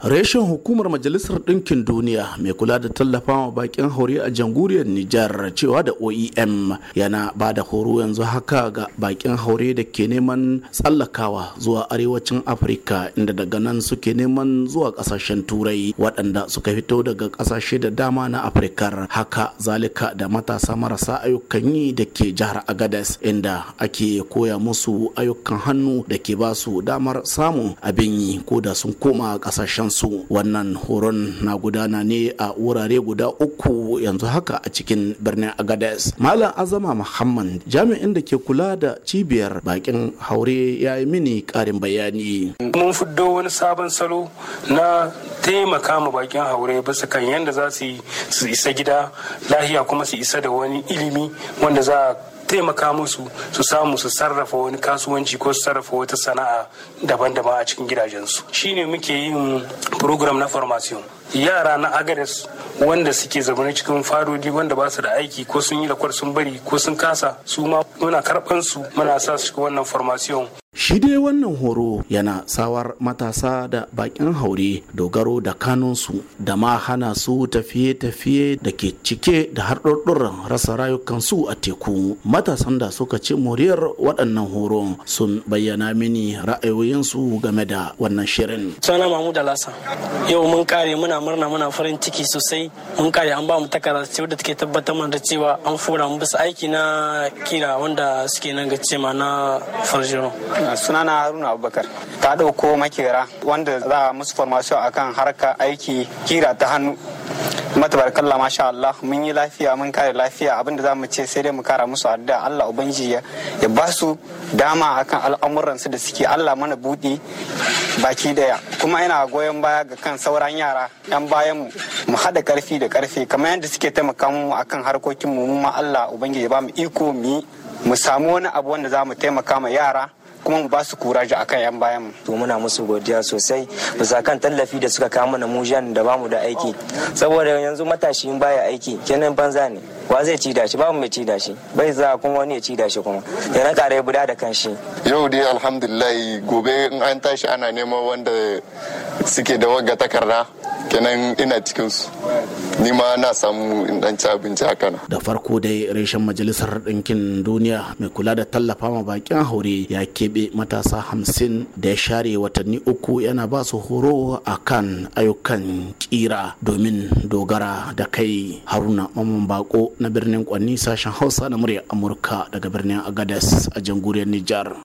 reshen hukumar majalisar ɗinkin duniya mai kula da tallafawa bakin hauri a janguriyar nijar cewa da oem yana ba da horo yanzu haka ga bakin haure da ke neman tsallakawa zuwa arewacin afirka inda daga nan suke neman zuwa ƙasashen turai waɗanda suka fito daga ƙasashe da dama na afirka haka zalika da matasa marasa ayyukan yi da ke jihar agadas inda ake koya musu ayyukan hannu da ke ba su damar samun abin yi ko da sun koma ƙasashen sauransu wannan horon na gudana ne a wurare guda uku yanzu haka a cikin birnin agadas malam azama muhammad jami'in da ke kula da cibiyar bakin haure ya yi mini karin bayani mun fiddo wani sabon salo na taimaka ma bakin haure basu kan yadda za su isa gida lahiya kuma su isa da wani ilimi wanda za taimaka musu su samu su sarrafa wani kasuwanci ko su sarrafa wata sana'a daban-daban a cikin gidajensu ne muke yin program na formation yara na agares wanda suke zamani cikin farodi wanda ba su da aiki ko sun yi lakwar sun bari ko sun kasa su ma muna karɓan su muna sa su cikin wannan formation Shi dai wannan horo yana sawar matasa da bakin haure dogaro da kanunsu da ma hana su tafiye-tafiye da ke cike da harɗurɗuran rasa rayukansu a teku. Matasan da suka ci moriyar waɗannan horo sun bayyana mini ra'ayoyinsu game da wannan shirin. Sana Mahmud Alhassan, yau mun kare muna murna muna farin ciki sosai mun kare an ba mu takarda ce wadda take tabbatar mana da cewa an fura mu bisa aiki na kira wanda suke nan ga cema na farjiro sunana haruna abubakar ta dauko makera wanda za a musu formation akan harka aiki kira ta hannu la masha Allah mun yi lafiya mun kare lafiya abinda za mu ce sai dai mu kara musu addu'a Allah ubangiji ya ba su dama akan al'amuran su da suke Allah mana budi baki daya kuma ina goyon baya ga kan sauran yara yan bayan mu mu haɗa karfi da karfe kamar yadda suke taimaka mu akan harkokin mu ma Allah ubangiji ya ba mu iko mu mu samu wani abu wanda za mu taimaka ma yara kuma mu ba su a kan yan bayan to muna musu godiya sosai bisa kan tallafi da suka kawo mana mujan da bamu da aiki saboda yanzu matashi in baya aiki kenan banza ne wa zai ci da shi babu mai ci da bai za kuma wani ya ci da shi kuma ya na kare buda da kanshi yau dai alhamdulillah gobe in an tashi ana neman wanda suke da wagga takarda kenan ina cikin su ni ma na samu in dan ci abinci a na da farko dai reshen majalisar ɗinkin duniya mai kula da tallafa ma bakin haure ya keɓe matasa hamsin da ya share watanni uku yana ba su horo a kan ayyukan kira domin dogara da kai haruna mamman bako na birnin kwanni sashen hausa na murya amurka daga birnin agadas a jamhuriyar nijar